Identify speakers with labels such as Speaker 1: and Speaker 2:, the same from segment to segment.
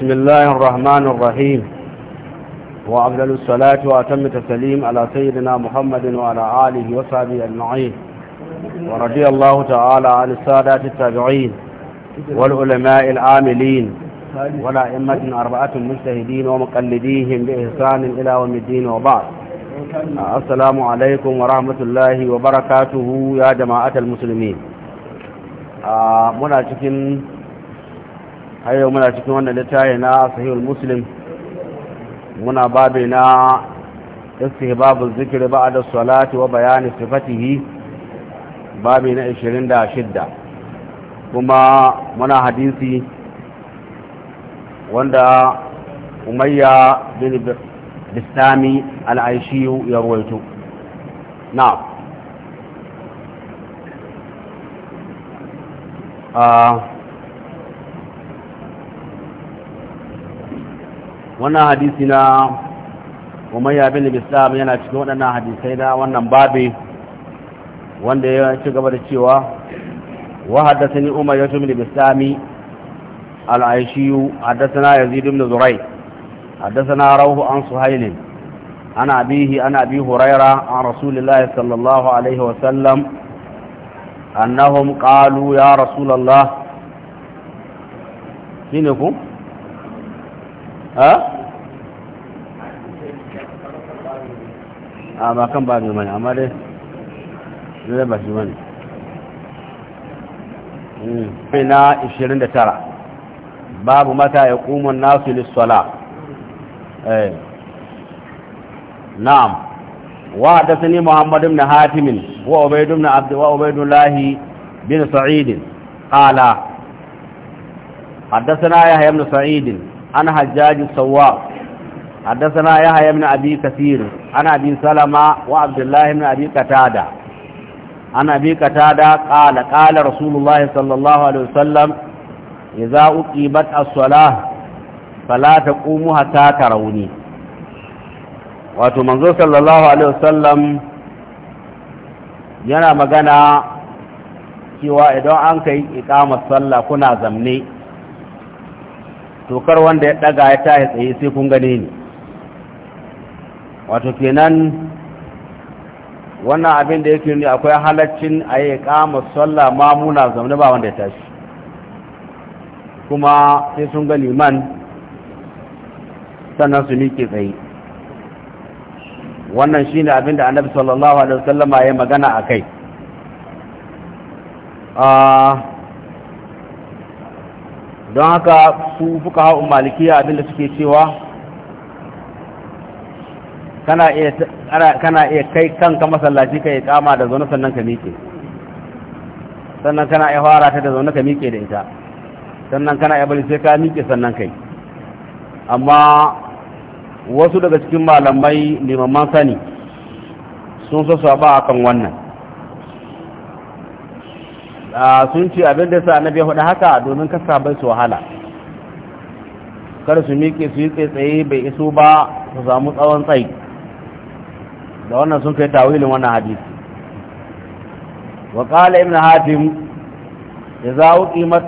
Speaker 1: بسم الله الرحمن الرحيم وأفضل الصلاة وأتم التسليم على سيدنا محمد وعلى آله وصحبه أجمعين ورضي الله تعالى عن السادات التابعين والعلماء العاملين والأئمة أربعة مجتهدين ومقلديهم بإحسان إلى يوم الدين وبعد السلام عليكم ورحمة الله وبركاته يا جماعة المسلمين آه، منا har yau muna cikin wannan littafi na sahihul muslim muna babu na istihbabu zikri ba'da salati wa bayani sifatihi babu na 26 kuma muna hadisi wanda umayya bin bistami al-aishiyu ya ruwaito na'am ah wannan hadisi na umar yabin da yana cikin waɗannan hadisai na wannan babi wanda ya ci gaba da cewa wa haddasa ni umar ya tumi da bislami haddasa na yazid ibn zurai haddasa na rauhu an suhailin ana abihi an abi huraira an rasulillahi sallallahu alaihi sallam annahum qalu ya rasulallah shine ku ha a ah, ba kan ba ne mani amma dai zai ba shi mani hmm, ishirin na 29 babu mata ya kuma nasu lissola eh. na'am wa hadathani muhammad ibn hatim wa ubayd ibn abd wa ubaydullah bin sa'id qala hadathana yahya ibn sa'id عن حجاج السواق حدثنا يحيى بن أبي كثير عن أبي سلمة وعبد الله بن أبي قتادة عن أبي قتادة قال قال رسول الله صلى الله عليه وسلم إذا أقيمت الصلاة فلا تقوموا حتى تروني wato manzo sallallahu alaihi wasallam yana magana cewa idan an kai iqamar sallah kuna zamne tokar wanda ya daga ya tahi tsaye sai kun gane ni wato kenan wannan abin da yake ne akwai halaccin a yi kama sallah mamuna zaune ba wanda ya tashi kuma sai sun gani man sannan su miƙe tsaye wannan shine abin da annabi sallallahu alaihi wasallama ya magana a kai ah, don haka su fuka hau malikiya abinda suke cewa kana iya kai kanka masallaci ka yi kama da zaune sannan ka miƙe sannan kana iya fara ta da zaune ka miƙe da ita sannan kana iya bari sai ka miƙe sannan kai amma wasu daga cikin malamai limamman sani sun so a kan wannan sun ce abin da sa na biya faɗa haka domin kasa bai su wahala kada su miƙe su yi tsaye bai iso ba su samu tsawon tsayi da wannan sun kai tawilin wannan hadisi wa ibn hatim ya idza uqimat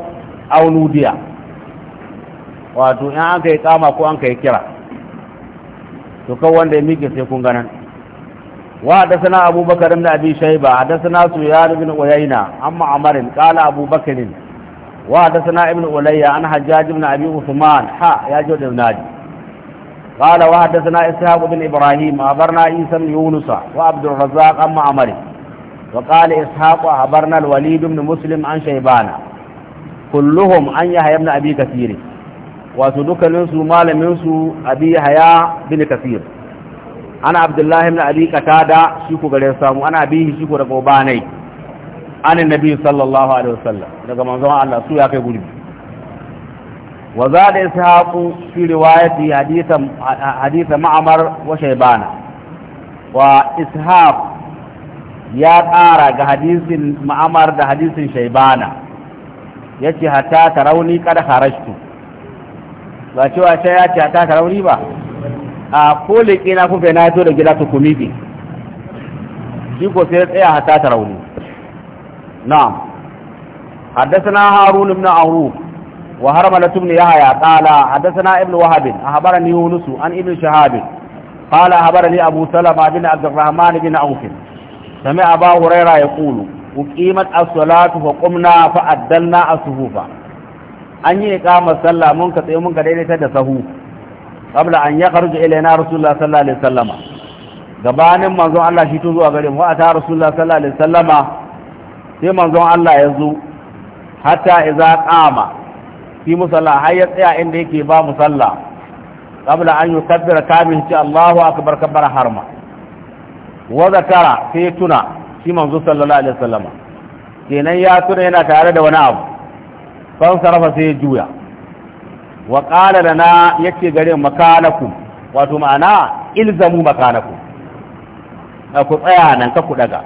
Speaker 1: awludiya wato in an kai kama ko an kai kira to kawai wanda ya miƙe sai kun ganan وحدثنا أبو بكر بن أبي شيبة حدثنا سفيان بن عيينة عن معمر قال أبو بكر وحدثنا ابن أولي عن حجاج بن أبي عثمان حا يا جود بن ناجي قال وحدثنا إسحاق بن إبراهيم أخبرنا عيسى بن يونس وعبد الرزاق عن معمر وقال إسحاق أخبرنا الوليد بن مسلم عن شيبان كلهم عن يحيى بن أبي كثير وسدك منسو مال منسو أبي يحيى بن كثير ana abdullahi ibn abi qatada shi ku gare samu ana bihi shi ku daga ubanai anan nabi sallallahu alaihi wasallam daga manzon Allah su ya kai gurbi wa zada ishaqu fi riwayati hadithan hadithan ma'mar wa shaybana wa ishaq ya ƙara ga hadisin ma'amar da hadisin shaibana ya shaybana yace ta tarauni kada kharajtu ba cewa sai ya ce ta tarauni ba a ko da ke na kuma na da gida ta komi ke shi ko sai tsaye a hata ta rauni na haddasa na harun na auru wa harma na tumni ya haya kala haddasa na ibn wahabin a habar ni an ibn shahabin kala a habar ni abu salama bin abdurrahman bin aukin sami a ba wuraira ya kulu ku kimar asalatu ko kumna fa'adalna asuhufa an yi ne kama sallah mun katsayi mun ka daidaita da sahu qabla an yakhruj ilayna rasulullah sallallahu alaihi wasallam gabanin manzon Allah shi to zuwa gare mu ata rasulullah sallallahu alaihi wasallam sai manzon Allah ya zo hatta idza qama fi musalla har ya tsaya inda yake ba musalla qabla an yukabbira kamin ci Allahu akbar kabbara harma wa zakara sai tuna shi manzon sallallahu alaihi wasallam kenan ya tuna yana tare da wani abu fan sarafa sai ya juya wa qala lana yake gare makanakum wato ma'ana ilzamu makanakum ku tsaya nan ka ku daga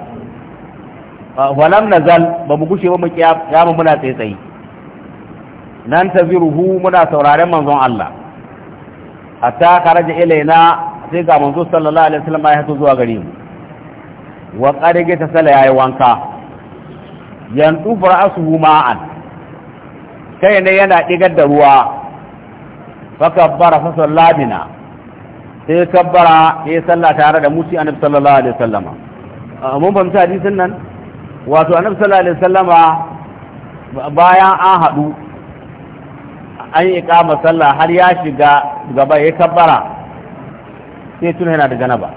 Speaker 1: walam nazal ba mu gushe ba mu mu muna tsaye tsaye nan ziruhu muna sauraren manzon Allah hatta kharaja ilaina sai ga manzo sallallahu alaihi wasallam ya hato zuwa gare mu wa qarige ta sala yayi wanka tufra asu ma'an kai ne yana digar da ruwa fakabbara fa sallabina sai kabbara ya salla tare da musi annabi sallallahu alaihi wasallama mun bamta hadisin nan wato annabi sallallahu alaihi wasallama bayan an hadu an yi kama sallah har ya shiga gaba ya kabbara sai tun yana da janaba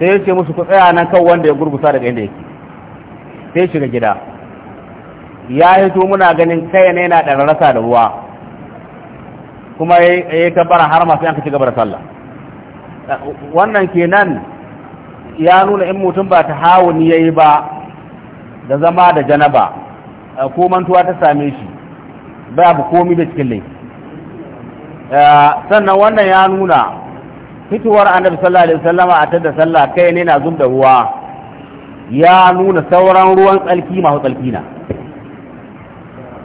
Speaker 1: sai ya ce musu ku tsaya nan kan wanda ya gurgusa daga inda yake sai shiga gida ya hito muna ganin kai ne yana da rasa da ruwa kuma ya bara har masu yanka ci gaba da sallah wannan kenan ya nuna in mutum ba ta hawuni ya yi ba da zama da janaba eh, ko mantuwa ta same shi babu komi da cikin laifi eh, sannan wannan ya nuna fitowar annabi sallallahu alaihi wasallama a tada sallah kai ne na zub da ruwa ya nuna sauran ruwan tsalki masu tsalkina.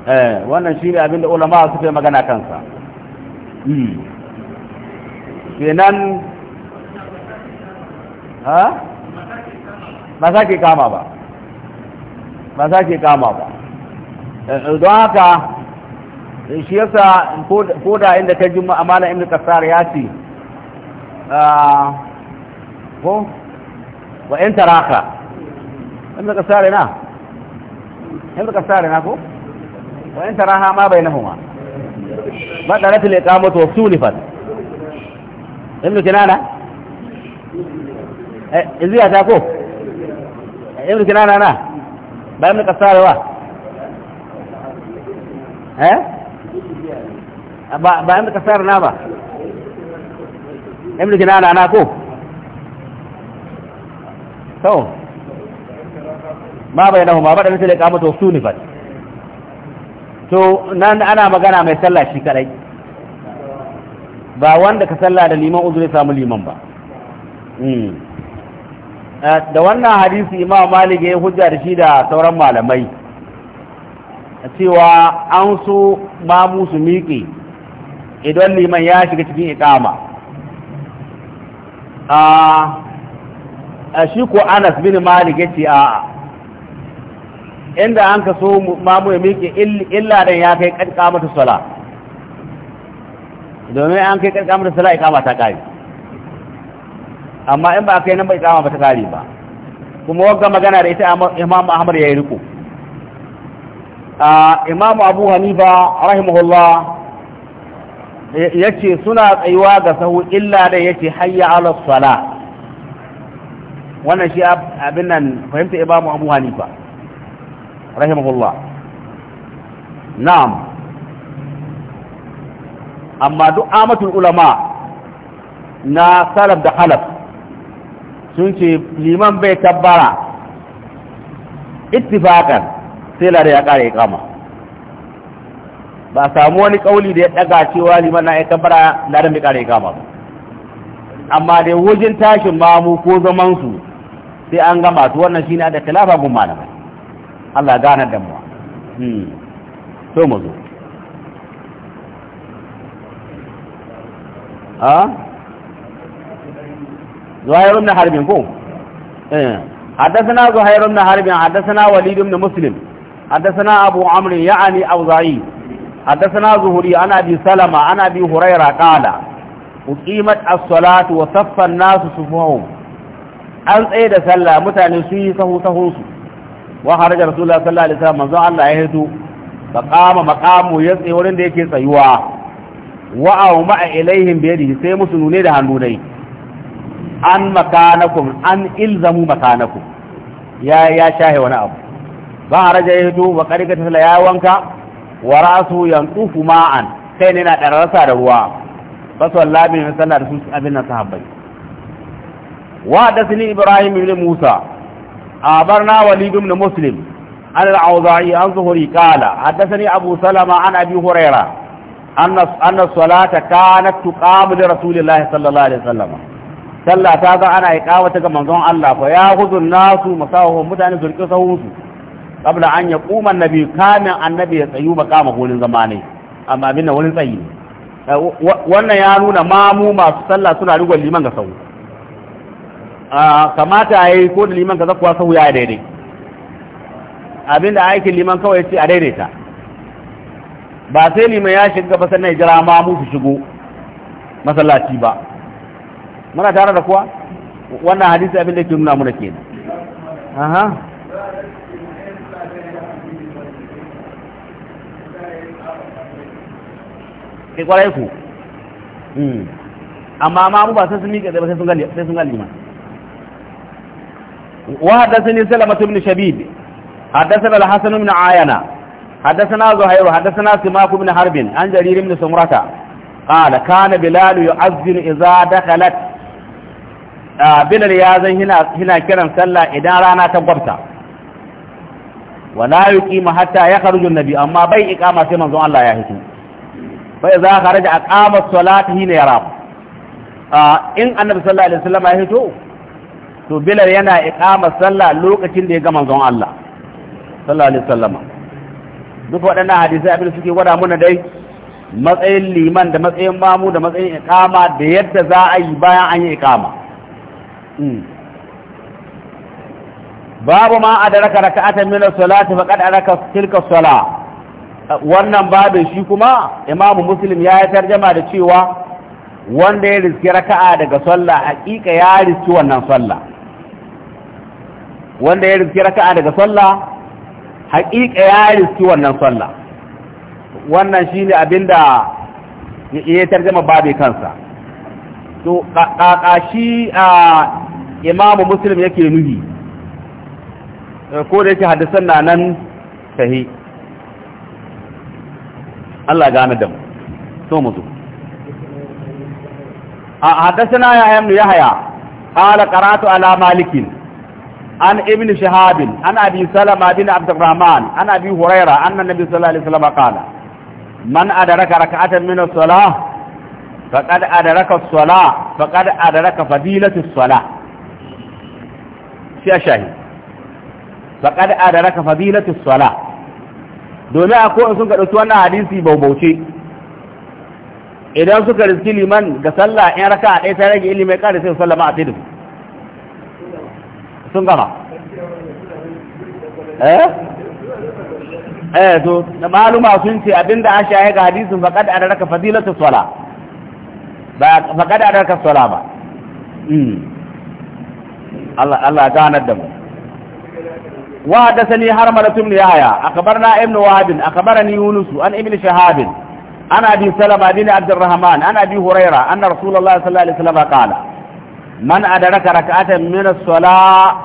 Speaker 1: Eh, wannan shi ne abinda ulama suka yi magana kansa kenan ha ba za ke kama ba ba za ke kama ba eh, don haka shi yasa ko da inda ta jima amana inda kasar ya ce ah, ko wa in taraka inda kasar na inda kasar na ko wa in ha ma bai na huma بطلت الإقامة واختلفت ابن كنانة إزيها تاكو ابن كنانة أنا بأمن قصار هو ها بأمن قصار نابا
Speaker 2: ابن كنانة أنا أكو
Speaker 1: تو ما بينهما بطلت الإقامة واختلفت to nan ana magana mai sallah shi kadai ba wanda ka sallah da liman uzuri samu liman ba hmm. eh, da wannan hadisi imam malik ya hujja da shi da sauran malamai cewa an so mamu su miƙe idan liman ya shiga cikin ikama a ah, eh, shi ko anas bin malik ya ce a'a inda an ka so mamu ya miƙe illa dan ya kai ƙarƙamata sala domin an kai ƙarƙamata sala ikama ta ƙari amma in ba a kai nan ba ikama ba ta ƙari ba kuma wagga magana da ita Imam ahmad ya yi riko Imam abu hanifa rahimahullah ya ce suna tsayuwa ga sahu illa dan ya ce hayya ala sala wannan shi abin nan fahimta Imam abu hanifa رحمه na'am amma duk دعامة ulama na salaf da halaf sun ce liman bai سيلا ittifakan sai ba samu wani kauli da ya daga cewa liman na ya tabbara lare bai kare kama ba amma da wajen tashin mamu ko zaman su sai an gama su wannan shine da khilafa gun malamai Allah gane da mu so hmm. mu zo a? zuhairun na harbin ko? Eh. haddasa na zuhairun na harbin haddasa na walidun na musulun haddasa na abu amurin ya'ani auza'i haddasa na zuhuri ana bi salama ana bi huraira kala ku kimat asalatu wasaffan nasu su an tsaye da sallah mutane su yi sahu-sahunsu wa haraja rasulullah sallallahu alaihi wasallam manzo Allah ya hito faqama maqamu ya tsaye wurin da yake tsayuwa wa au ma'a ilaihim bi yadihi sai musu nune da hannu dai an makanakum an ilzamu makanakum ya ya shahe wani abu ba haraja ya hito wa qad ka ya wanka wa ra'su yantufu ma'an sai ne na darasa da ruwa fa sallallahu da abin ibrahim musa أخبرنا وليد بن مسلم عن العوضاعي عن ظهري قال حدثني أبو سلمة عن أبي هريرة أن أن الصلاة كانت تقام لرسول الله صلى الله عليه وسلم صلى هذا أنا إقامة كمنظوم الله فيأخذ الناس مساوهم متعني سرقصه قبل أن يقوم النبي كان النبي سيوم قام قول زماني أما بنا ولن سيين wannan ya nuna mamu masu sallah suna rigon liman ga sau kamata ya yi ko da liman ka zakuwa sahu ya daidai abinda aikin liman kawai ce a daidaita ba sai liman ya shiga ba sannan jira ma mu su shigo masallaci ba muna tare da kuwa wannan hadisi abinda ke nuna muna ke aha ke kwarai ku hmm. amma ma mu ba sai sun miƙe sai sun ga liman وحدثني سلمة بن شبيب حدثنا الحسن بن عاينة حدثنا زهير حدثنا سماك بن حرب عن جرير بن سمرة قال كان بلال يؤذن إذا دخلت بلال يازن هنا هنا كلام سلا إذا رانا تبرتا ولا يقيم حتى يخرج النبي أما بي إقامة منظوم الله يهتم فإذا خرج أقام الصلاة هنا يراب آه إن النبي صلى الله عليه وسلم يهتم to bilal yana iqama sallah lokacin da ya ga manzon Allah sallallahu alaihi wasallam duk waɗannan hadisi abin suke gwada muna dai matsayin liman da matsayin mamu da matsayin iqama da yadda za a yi bayan an yi iqama hmm. babu ma adraka raka'atan min as-salati faqad adraka tilka as-salah wannan babin shi kuma imamu muslim ya yi tarjama da cewa wanda ya riski raka'a daga sallah hakika ya riski wannan sallah wanda ya riski raka'a daga sallah haƙiƙa ya riski wannan sallah wannan shine abinda ya tarjama babe kansa to ƙaƙashi a imamu muslim yake nuhi ko da yake hadisan na nan sahi Allah gane da mu so mu zo a na ya yamnu yahya qala qara'tu ala malikin عن ابن شهاب عن أبي سلمة بن عبد الرحمن عن أبي هريرة أن النبي صلى الله عليه وسلم قال من أدرك ركعة من الصلاة فقد أدرك الصلاة فقد أدرك فضيلة الصلاة في الشاهد فقد أدرك فضيلة الصلاة domin a kowane sun kaɗauki wannan hadisi baubauce idan suka riski liman ga sallah in raka a ɗaya ta rage ilimin ƙara sai sallama a sai da su سنغرا ايه ايه دو نمالو ما سنسي ابن دا اشاهي قاديث فقد ادرك فضيلة الصلاة فقد ادرك الصلاة ما مم. الله الله كان الدم وحدثني هرملة ابن يحيى اخبرنا ابن وهب اخبرني يونس عن ابن شهاب انا ابي سلمة بن عبد الرحمن انا ابي هريرة ان رسول الله صلى الله عليه وسلم قال man adraka rak'atan min as-salah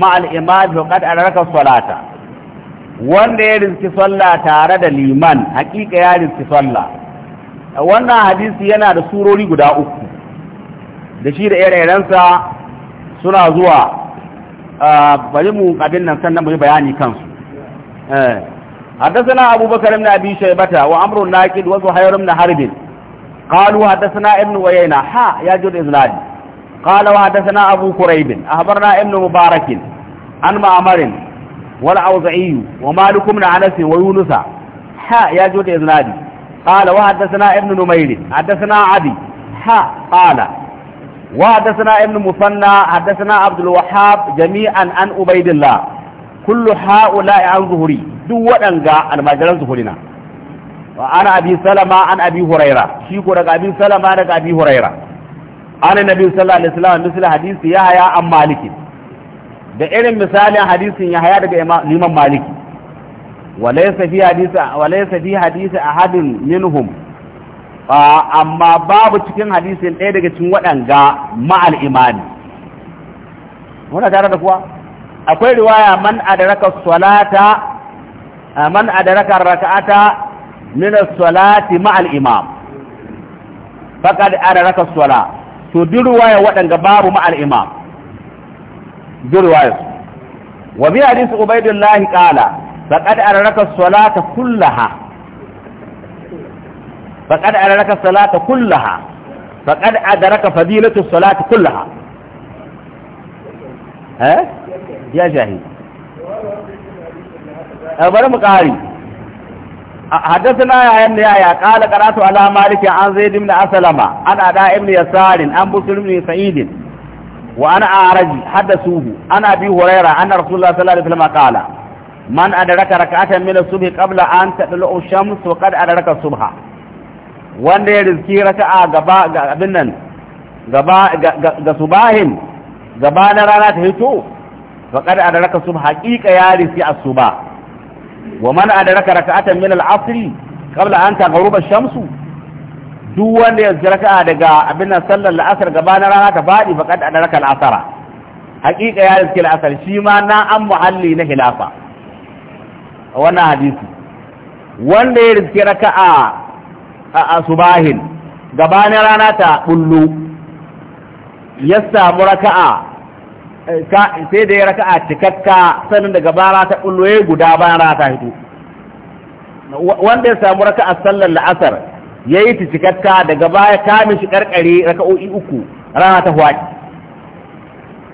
Speaker 1: ma al-imam faqad wanda ya rinki sallah tare da liman hakika ya rinki sallah wannan hadisi yana da surori guda uku da shi da ire-irensa suna zuwa bari mu abin nan sannan mu yi bayani kansu حدثنا أبو بكر بن أبي شيبة وعمر الناكد harbin, بن حرب قالوا حدثنا ابن وينا ها يا جد إذنادي قال وحدثنا أبو كريب أخبرنا ابن مبارك عن معمر والأوزعي ومالك بن أنس ويونس ها يا جود إذنادي قال وحدثنا ابن نمير حدثنا عدي ها قال وحدثنا ابن مثنى حدثنا عبد الوهاب جميعا عن عبيد الله كل هؤلاء عن ظهري دو ودانغا المجال ظهرنا وانا ابي سلمى عن ابي هريره شيكو daga abi salama daga abi hurairah an nabi sallallahu alaihi wasallam misal hadisi ya haya an maliki da irin misalin hadisin ya haya daga liman maliki walaysa fi hadisi walaysa fi hadisi ahadin minhum amma babu cikin hadisin ɗaya daga cikin waɗanga ma'al imani muna tare da kuwa akwai riwaya man adraka salata man adraka rak'ata min as-salati ma'al imam faqad adraka as-salat to duk ruwaya waɗanga babu ma'al imam duk ruwaya su wa bi hadisi ubaidullahi qala faqad araka salata kullaha faqad araka salata kullaha faqad adraka fadilatu salati kullaha
Speaker 2: eh ya jahi eh, bari
Speaker 1: mu ƙari حدثنا يا ابن يا قال قرات على مالك عن زيد بن اسلم عن اداء ابن يسار عن مسلم بن سعيد وانا اعرج حدثوه عن ابي هريره ان رسول الله صلى الله عليه وسلم قال من ادرك ركعه من الصبح قبل ان تطلع الشمس وقد ادرك الصبح wanda ya riski raka'a gaba ga abin nan gaba ga subahin gaba na rana ta hito faqad adraka subha haqiqa ya riski asuba wa man adraka raka'atan min al kabla qabla an taghrub shamsu? duk wanda ya raka'a daga abin nan sallar al-asr gabanin rana ta faɗi faqad adraka al-asr haqiqa ya riski al shi ma na an muhalli na hilafa wannan hadisi wanda ya riski raka'a a subahin gabanin rana ta bullu ya samu raka'a sai da ya raka a cikakka sanin daga bara ta kulloye guda bayan rana ta hito wanda ya samu raka a sallar la'asar ya yi ta cikakka daga baya kamin shi karkare o'i uku rana ta hwaki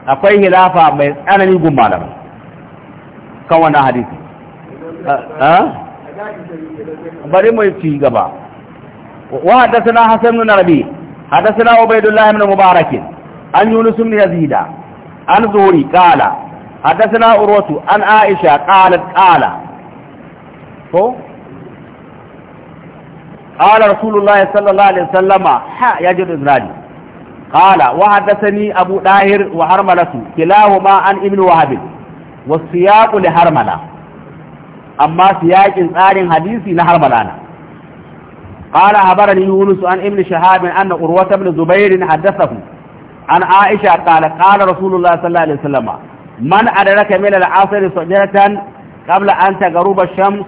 Speaker 1: akwai hilafa mai tsanani gun malamai kan wannan hadisi bari mu ci gaba wa haddasa na hasan nuna rabi haddasa na ubaydullah ibn mubarak an yunus ya yazida عن زهري قال حدثنا عروة عن عائشة قالت قال هو قال رسول الله صلى الله عليه وسلم ح يجد إذنالي قال وحدثني أبو داهر وحرملة كلاهما عن ابن وهب والسياق لحرملة أما سياق إنسان حديثي نحرملة قال أخبرني يونس عن ابن شهاب أن قروة بن زبير حدثه an aisha qala qala rasulullah sallallahu alaihi wasallam man adraka min al-asr sajratan qabla an tagruba ash-shams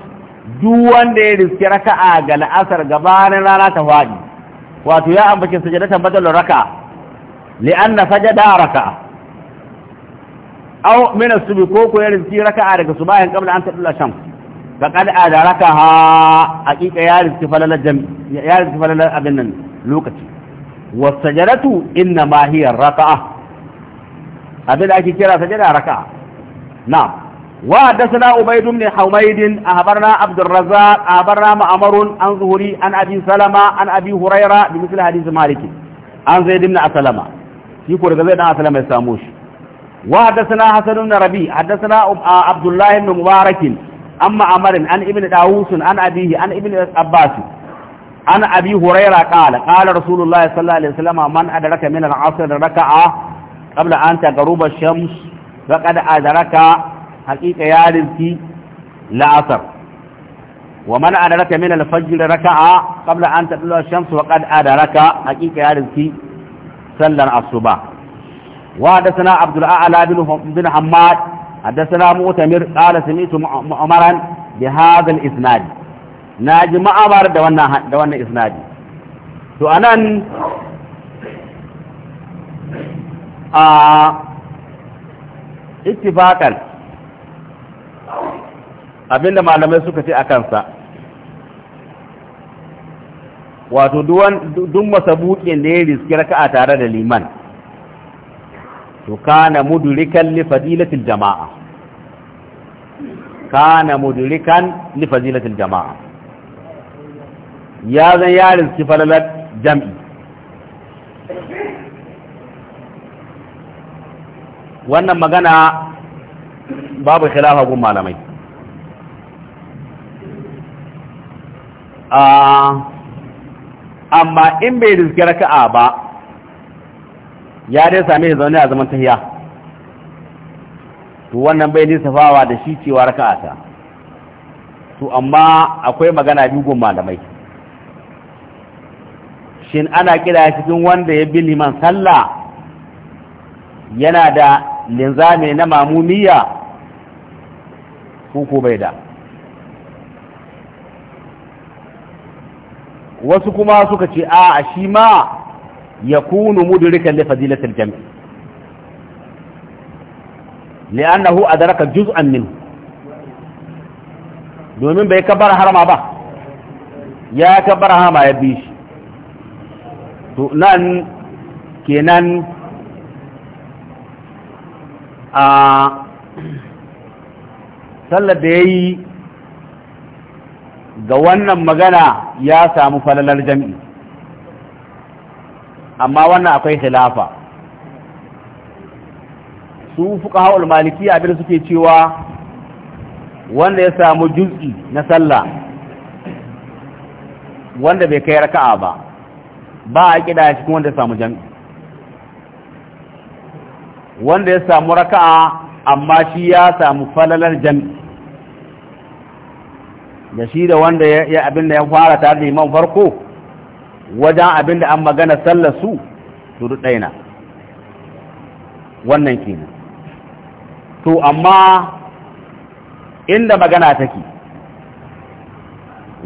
Speaker 1: duk wanda ya riski raka'a ga al gabanin rana ta fadi wato ya ambace sajdatan badal raka'a li'anna sajada raka'a aw min as-subh ko ko ya daga subahin qabla an tadula ash-shams فقد أدركها حقيقة يا رزق فلل الجم يا رزق لوكتي wasajaratu inna ma hiya raka'a abin da ake kira sajada raka'a na'am wa hadathana ubayd ibn humayd ahbarna abd arrazzaq ahbarna ma'mar an zuhri an abi salama an abi hurayra bi misl hadith malik an zaid ibn aslama shi ko daga zaid ibn aslama ya samu shi wa hadathana hasan ibn rabi hadathana abdullah ibn mubarak amma amarin an ibn dawus an abihi an ibn abbas an abi huraira qala qala rasulullah sallallahu alaihi wasallam man adraka min al-asr raka'a qabla an tagruba ash-shams faqad adraka haqiqa ya rizki la'asr wa man adraka min al-fajr raka'a qabla an tatlu ash-shams faqad adraka haqiqa ya rizki sallan as-subah wa hadathana abdul a'la bin bin hammad hadathana mu'tamir bi hadha na ji ma'amar da wannan da wannan isnadi to anan a ittifaqan abinda malamai suka ce a kansa wato duk masabukin da ya riski a tare da liman to kana mudrikan li fadilatil jama'a kana mudrikan li fadilatil jama'a ya zan yarin su falalar jam'i wannan magana babu khilafa gun malamai ah, amma in bai riski raka'a ba ya dai sami shi zaune a zaman tahiya to wannan bai nisafawa da shi cewa raka'a ta to amma akwai magana biyu gun malamai shin ana kira cikin wanda ya bi liman sallah yana da linzami na mamumiya ko bai da wasu kuma suka ce a shi ma ya kunu mudurikan da fadilatul jami'i li'annahu adraka juz'an min. domin bai kabar harama ba ya kabar harama ya bi shi to nan kenan a sallar da ya yi ga wannan magana ya samu falalar jami'i, amma wannan akwai khilafa su fuka haul maliki abin suke cewa wanda ya samu juz'i na sallah wanda bai kai raka'a ba ba a kida cikin wanda ya samu jami'i wanda ya samu raka'a amma shi ya samu falalar jami'i da shi da wanda ya abinda ya fara tare da imam farko wajen abinda an magana sallar su duk ɗaina. wannan kenan to amma inda magana take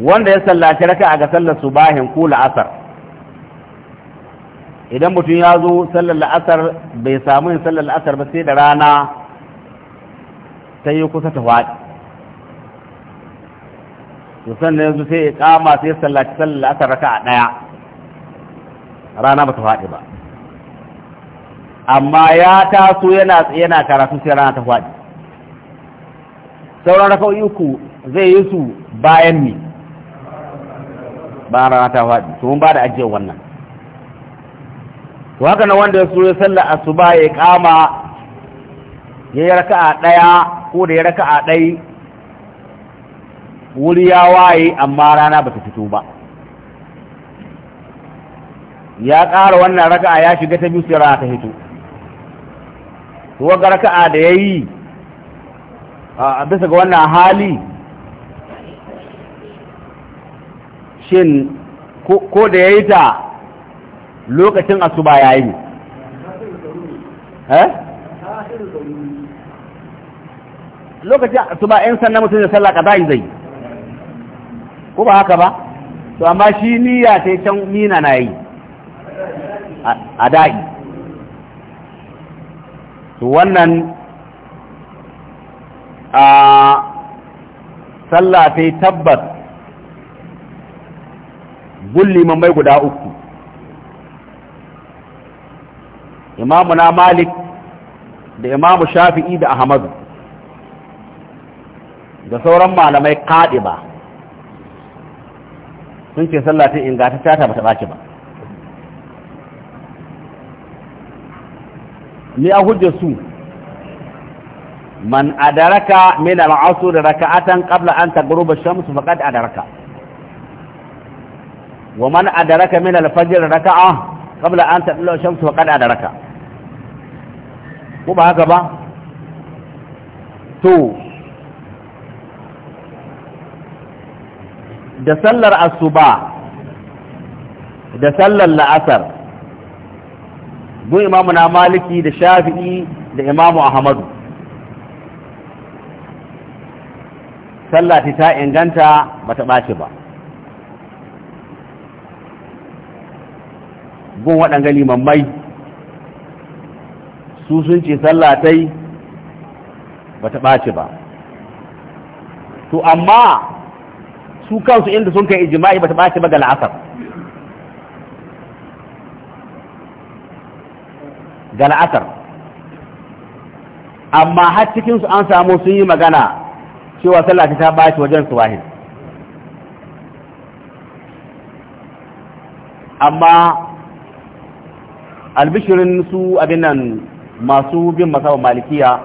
Speaker 1: wanda ya sallaci raka'a ga sallar su, bahin kula la'asar idan mutum ya zo sallar la'asar bai samu yin sallar la'asar ba sai da rana ta yi kusa ta faɗi to sannan yanzu sai ya kama sai sallaci sallar la'asar raka a ɗaya rana ba ta faɗi ba amma ya taso yana yana karatu sai rana ta faɗi sauran raka'o'i uku zai yi su bayan ni bayan rana ta faɗi to mun ba da ajiyar wannan to haka na wanda ya so ya sallar asuba ya kama ya yi a ɗaya ko da ya a ɗai wuri ya waye amma rana ba ta fito ba ya ƙara wannan raka'a ya shiga ta biyu sai rana ta fito to ga a da ya yi a bisa ga wannan hali shin ko da ya yi ta lokacin asuba yi ne, eh? lokacin asuba in sannan mutum ya sallah kaza zai ko ba haka ba to amma shi niyya ta can mina na yi a da'i to wannan a sallah ta tabbas gulli mai guda uku imamu na malik da imamu shafi'i da ahmadu da sauran malamai kaɗi ba sun ce sallah ta ingantacciya ta bata ɓaci ba ni a hujjar su man adaraka min al'asr raka'atan qabla an taghruba ash-shamsu faqad adaraka wa man adaraka min al-fajr raka'a qabla an tatlu ash-shamsu faqad adaraka ko ba haka ba to da sallar asuba da sallar la'asar gun imamu na maliki da shafi'i da imamu ahmadu sallati ta inganta ba ta ɓace ba gun waɗanga limammai su sun ce sallah ta yi ba ta ɓaci ba to amma su kansu inda sun kai ijima'i ba ta ɓaci ba ga la'asar ga la'asar amma har cikinsu an samu sun yi magana cewa sallah ta ɓaci wajen suwahin amma albishirin su abin nan masu bin masaba malikiya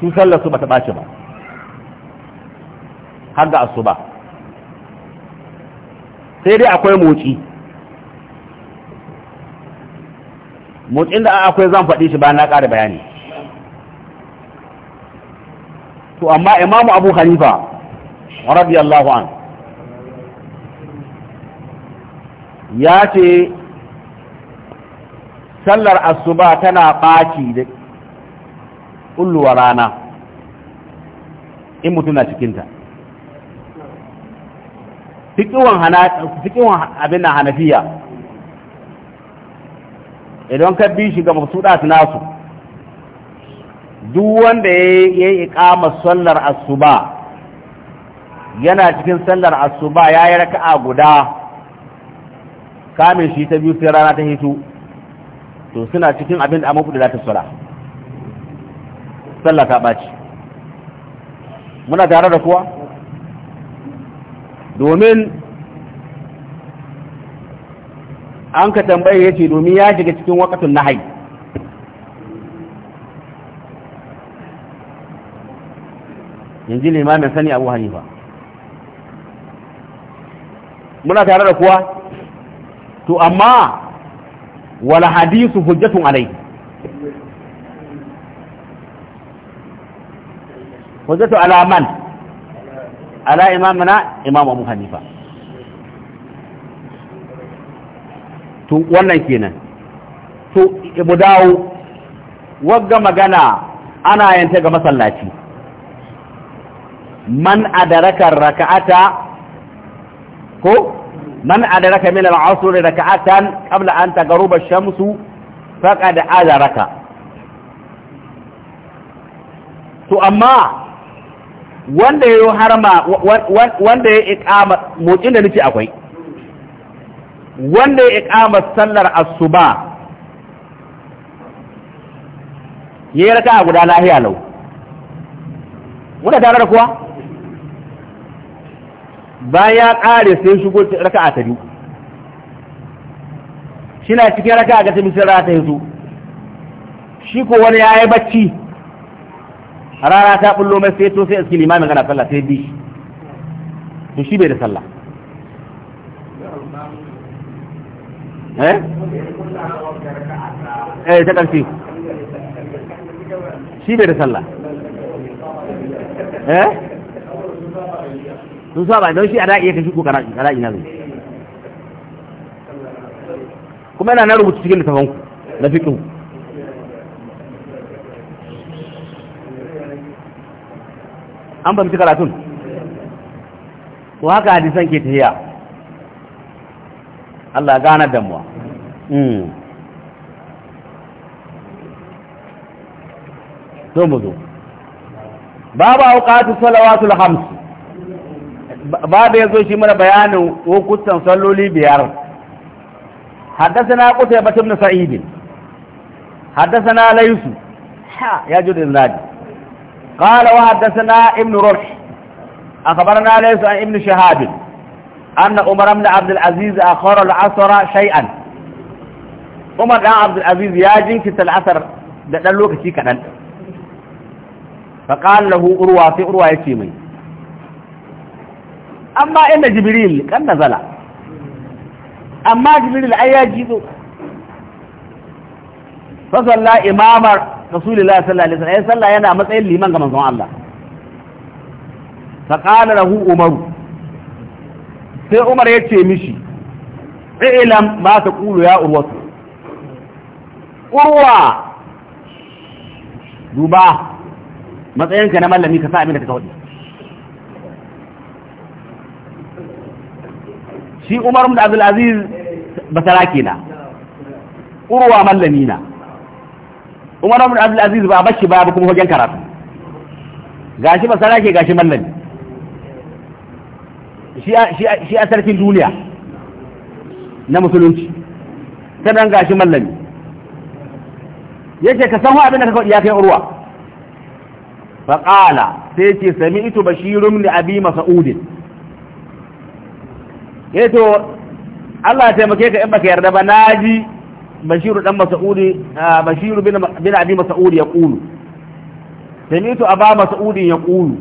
Speaker 1: su sallar su ba ta ɓace ba har ga asuba sai dai akwai motsi motsin da akwai zan faɗi shi bayan na ƙara bayani to amma imamu abu hanifa radiyallahu an ya ce sallar asuba tana baki da ƙulluwa rana in mutum na cikinta fikiwon abin na hanafiya idan ka bi shi ga nasu duk wanda ya yi ikamar sallar asuba yana cikin sallar asuba ya yi raka'a guda kamin shi ta biyu sai rana ta hito to suna cikin abin da amma kudu za ta sura sallah ta ɓaci muna tare da kuwa domin an ka tambaye ya ce domin ya shiga cikin wakatun na hai yanzu limamin sani abu hanifa muna tare da kuwa to amma Wala hadisu hujjatun alai hujjatu ala man ala imamuna imam abu hanifa to wannan kenan to ibu dawo wagga magana ana yanta ga masallaci man adaraka raka'ata ko man أدرك min العصر ركعة قبل أن an الشمس فقد shamsu faqad to amma wanda yayi harma wanda ya iqama motsin da nake akwai wanda ya iqama sallar asuba yayi raka'a guda lahiya lau Wanda tare da kuwa bayan ya ƙare sai shigo raka'a ta biyu shi na cikin raka'a ga ta biyu sai rana ta yanzu shi ko wani ya yi bacci rana ta bullo mai sai to sai iski limamin gana sallah sai bi to shi bai da sallah
Speaker 2: eh eh ta ƙarfi shi bai da sallah eh
Speaker 1: sun sa ba don shi a da iya kashi ko kana kana ina zai kuma yana na rubuta cikin littafin ku na fiqh an ba karatun Ko haka hadisan ke tahiya Allah gana damuwa mm to mu zo babu auqatu salawatul hamsu babu yazo shi mana bayanin hukuncin salloli biyar حدثنا قتيبة بن سعيد حدثنا ليس يا جود الزاد قال وحدثنا ابن رش أخبرنا ليس عن ابن شهاب أن عمر بن عبد العزيز أخر العصر شيئا عمر بن عبد العزيز ياجن كت العصر دلوك شيكا فقال له أروى في أروى يتيمين amma inda jibril kan nazala amma jibril ai ya jizo fa salla imamar rasulullahi sallallahu alaihi wasallam salla yana matsayin liman ga manzon Allah fa qala lahu umar sai umar ya ce mishi ilam ma kulu ya urwa urwa duba matsayinka na mallami ka sa abin da ka wadi
Speaker 2: shi Umar ibn Abdul Aziz basarake na
Speaker 1: urwa mallami na Umar ibn Abdul Aziz ba bashi ba kuma hojen karatu gashi basarake gashi mallami shi a sarkin duniya na musulunci sannan gashi mallami yake ka san abin da ka kawo kai urwa faqala sai ce sami'tu bashirun li abi mas'udin ya Allah taimake ka in baka yarda ba naji bashiru dan mas'udi bashiru bin bin abi mas'udi ya kulu sami'tu aba mas'udi ya qulu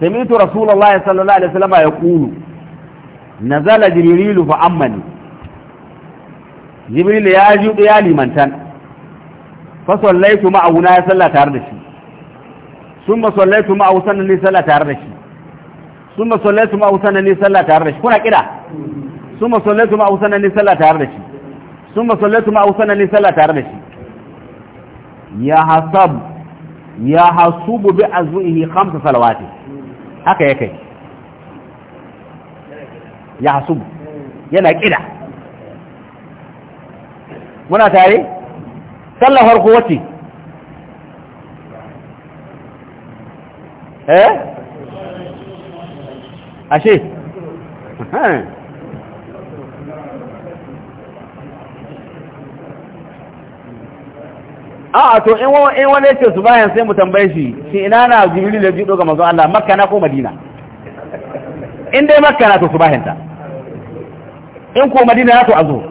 Speaker 1: sami'tu rasulullahi sallallahu alaihi wasallam ya kulu nazala jibrilu fa ammani jibril ya ji ya limantan fa sallaitu ma'ahu na ya salla tare da shi summa sallaitu ma'ahu sannan ni salla tare da shi sun masallatu ma usanna ni sallah tare da shi kuna kira sun masallatu ma usanna ni sallah tare da shi sun masallatu ma usanna ni sallah tare da shi ya hasab ya hasubu bi azwihi khamsa salawati haka yake ya hasubu yana kira muna tare sallah farko wace eh ashe A'a to in wani yake su bayan sai mu tambaye shi shi ina na jibril da jido ga manzo Allah makka na ko madina in dai makka na to su bayan ta in ko madina na to azu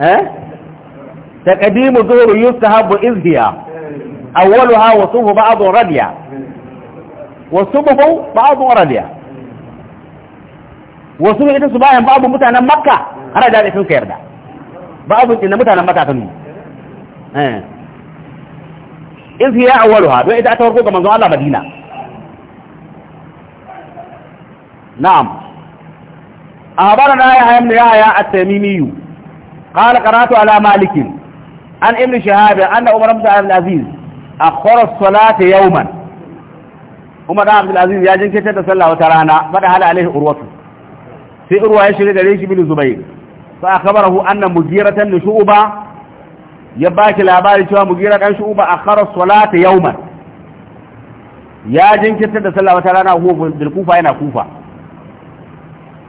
Speaker 1: eh taqdimu dhuhur habu izhiya ha wa suhu ba'd radiya wasu bubu ba'adun aradiya wasu ita su bayan babu mutanen makka har da sun ka yarda babu inda mutanen makka kan eh in hiya awwaluha don ita ta farko ga manzon Allah Madina na'am أخبرنا يحيى بن يحيى التميمي قال قرأت على مالك عن ابن شهاب أن عمر بن العزيز أخر الصلاة يوما Umar da Abdul Aziz ya jinkirtar da sallah wata rana bada hala alaihi urwatu sai urwa ya shiga gare shi bin Zubair fa akhbarahu anna mugiratan li shu'ba ya baki labari cewa mugira dan shu'ba akhara salata yawman ya jinkirtar da sallah wata rana ko bil kufa yana kufa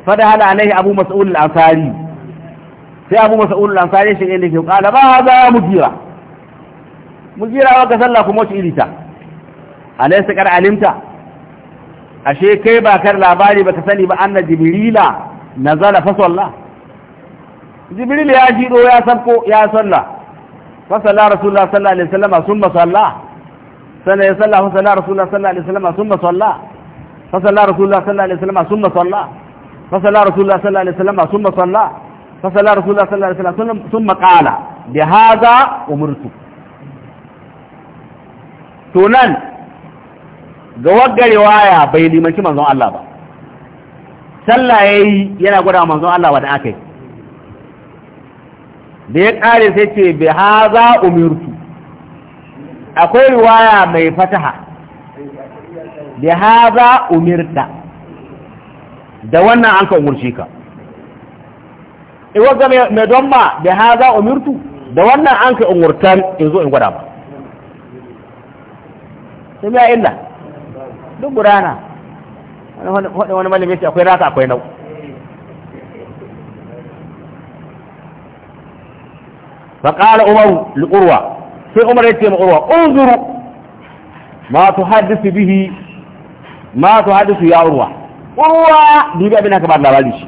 Speaker 1: fada hala alaihi abu mas'ud al-ansari sai abu mas'ud al-ansari shi ne ke kala ba za mugira mujira wa ka sallah kuma shi ilita alaysa kar alimta ashe kai ba kar labari ka sani ba anna jibrila nazala fa salla jibril ya jido ya sabko ya salla fa salla rasulullah sallallahu alaihi wasallam summa salla sana ya salla fa salla rasulullah sallallahu alaihi wasallam summa salla fa salla rasulullah sallallahu alaihi wasallam summa salla fa salla rasulullah sallallahu alaihi wasallam summa salla fa salla rasulullah sallallahu alaihi wasallam summa qala bi hadha umirtu to nan ga waggare riwaya bai limanci manzon Allah ba sallah yayi yana gwada manzon Allah wa da akai da ya kare sai ce bi haza umirtu akwai riwaya mai fataha bi haza umirta da wannan an kan wurce ka iwaga mai don ma da ha za umirtu da wannan an ka umurtan in zo in gwada ba sai ya illa duk rana wani malami ce akwai raka akwai nau faƙala umaru urwa sai umar ya ce ma urwa unzuru ma tu haddisu bihi ma tu haddisu ya urwa
Speaker 2: urwa
Speaker 1: bibi abin ka ba labari shi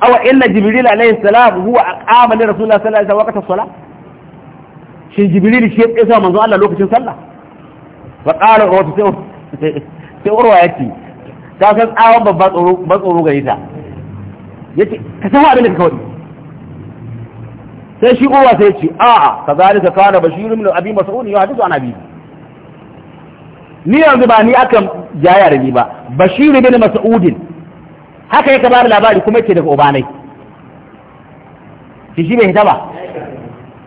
Speaker 1: awa inna jibril alayhi salam huwa aqama li rasulillah sallallahu alaihi wasallam waqta as-salah shi jibril shi ya tsaya manzo Allah lokacin sallah fa qala wata sai urwa ya ce ta san tsawon babban tsoro ga tsoro gare ta yace ka san abin da kawai sai shi urwa sai ce a a kazalika kana abin masu abi mas'ud hadisu ana biyu ni yanzu ba ni akan jaya da ni ba bashir masu udin haka ka ba labari kuma ke daga obanai shi shi bai hita ba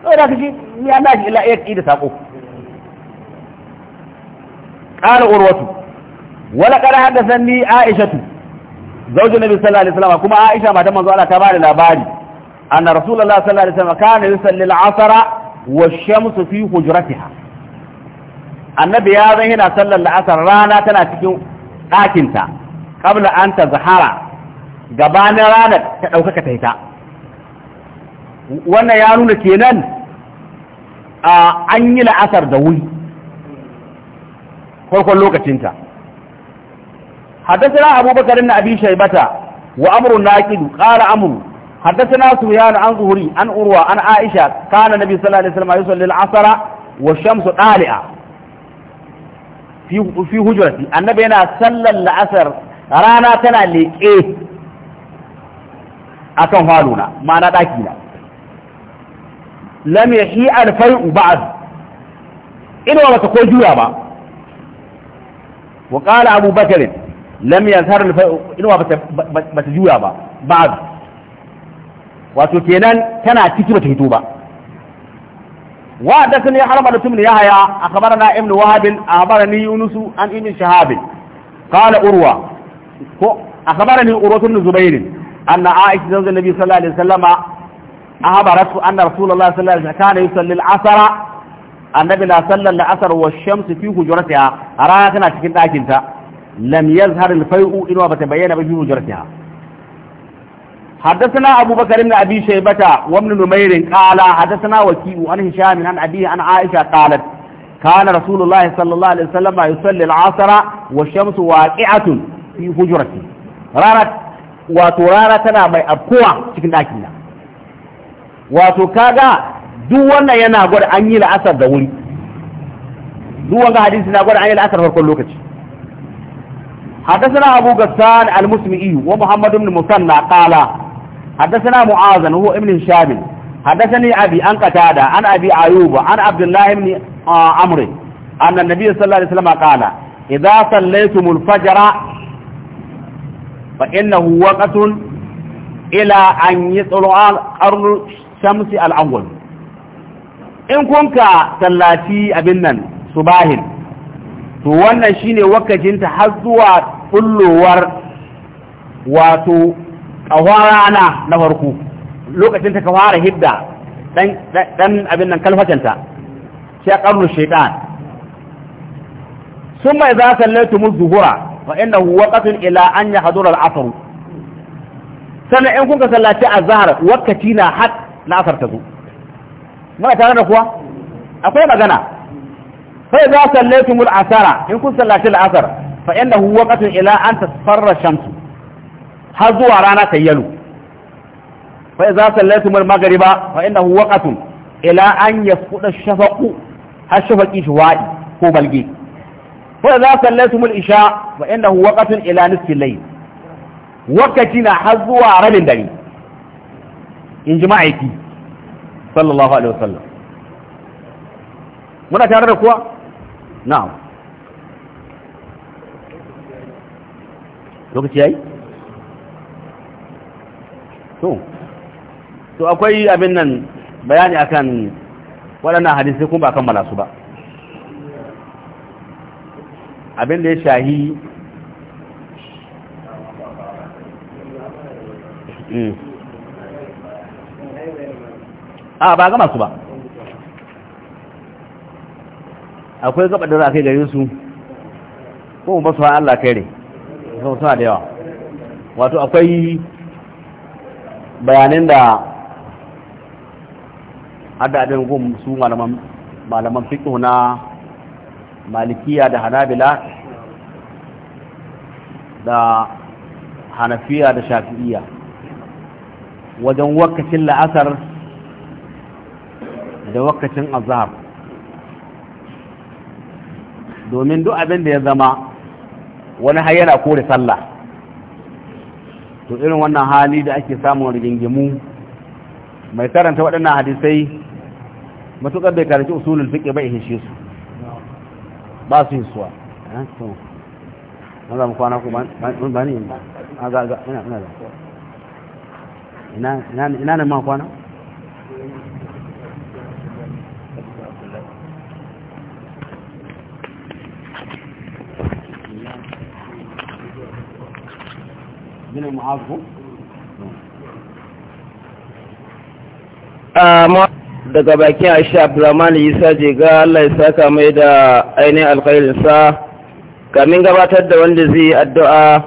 Speaker 1: ɗaya da kashi ya dace ila'ayyar ƙi da saƙo. قال عروة ولقد حدثني عائشة زوج النبي صلى الله عليه وسلم كما عائشة ما تم الله تبارك الأباري أن رسول الله صلى الله عليه وسلم كان يصلي العصر والشمس في حجرتها النبي هذا هنا صلى العصر رانا تناتكم آكنتا قبل أن تزحر قبان رانا تأوكك تهتا وانا يانون كينان آه أني لعصر دوي farkon lokacinta haddasa na abubakarin na abin shaibata wa amuru naƙidu ƙara amuru haddasa na su yana an zuhuri an urwa an aisha kana nabi sallallahu alaihi wasallam yusallil asara wa shamsu dali'a fi hujurati annabi yana sallar la'asar rana tana leƙe a kan faluna ma'ana ɗakina lam yahi alfai'u ba'd ina wata ko jura ba wa qala abu bakr lam yazhar inuwa bata juya ba ba'd wato kenan tana ciki bata fito ba وحدثني حرمة بن يحيى أخبرنا ابن وهب أخبرني يونس عن ابن شهاب قال أروى أخبرني أروى بن زبير أن عائشة زوج النبي صلى الله عليه وسلم أخبرته أن رسول الله صلى الله عليه وسلم كان يصلي العصر annabi na sallar la'asar wa shamsu fi hujuratiha a rana tana cikin ɗakin ta lam yazhar al-fai'u inwa bata bayyana ba fi hujuratiha حدثنا أبو بكر بن أبي شيبة وابن نمير قال حدثنا وكيء عن هشام عن أبيه عن عائشة قالت كان رسول الله صلى الله عليه وسلم يصلي العصر والشمس واقعة في حجرته رارت وترارتنا ما أبقوا cikin ɗakin nan wato kaga duk wannan yana gwada an yi la'asar da wuri duk wanga hadisi na gwada an yi la'asar farkon lokaci حدثنا أبو غسان المسمئي ومحمد بن مسنى قال حدثنا معاذ هو ابن هشام حدثني أبي عن قتادة عن أبي أيوب عن عبد الله بن عمرو أن النبي صلى الله عليه وسلم قال إذا صليتم الفجر فإنه وقت إلى أن يطلع قرن الشمس الأول in kun ka sallaci abin nan subahin to wannan shine wakacinta har zuwa bullowar wato ƙawarana na farko lokacin ta ka fara hidda dan abin nan kalfatanta sai qarnu shaytan thumma idza sallaytum az-zuhra fa innahu waqtun ila an yahdura al-'asr sannan in kun ka sallaci a zahar wakati na har na asar ta zuwa. muna tare da kuwa akwai magana sai za sallaitum al-asara in kun sallaci al-asar fa innahu waqtun ila an tasfarra shamsu har zuwa rana ta yalo fa za su sallaitum al ba, fa innahu waqtun ila an ya yasquda shafaƙu, har shafaqi shawadi ko balge fa za sallaitum al-isha fa huwa waqtun ila nufin lai. layl wakati na har zuwa rabin dare in ji ma'aiki sallallahu alaihi wasallam muna tare da kuwa na'am lokaci yayi to to akwai abin nan bayani akan waɗannan hadisai kuma ba kan malasu ba abin da ya shahi Mm. a ba ga masu ba akwai gaba da za a kai gare su ko ba su Allah kai ne sau suna da yawa wato akwai bayanin da adadin gum su malaman fiƙo na malikiya da hanabila da hanafiya da shafi'iya wajen wakacin la'asar da wakacin azhar domin duk abin da ya zama wani har yana kore sallah to irin wannan hali da ake samun rigingimu mai karanta waɗannan hadisai matuƙar bai karanci usulun fiƙe bai hishe su ba su yi suwa an kwana ku ba ina ina ina ma kwana bin mu'az daga bakin Aisha Abdulrahman Isa je ga Allah ya saka mai da ainihin alkhairinsa, kamin gabatar da wanda zai yi addu'a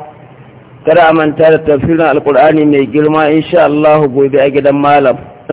Speaker 1: kada a manta da tafsirin alkur'ani mai girma insha Allah gobe a gidan malam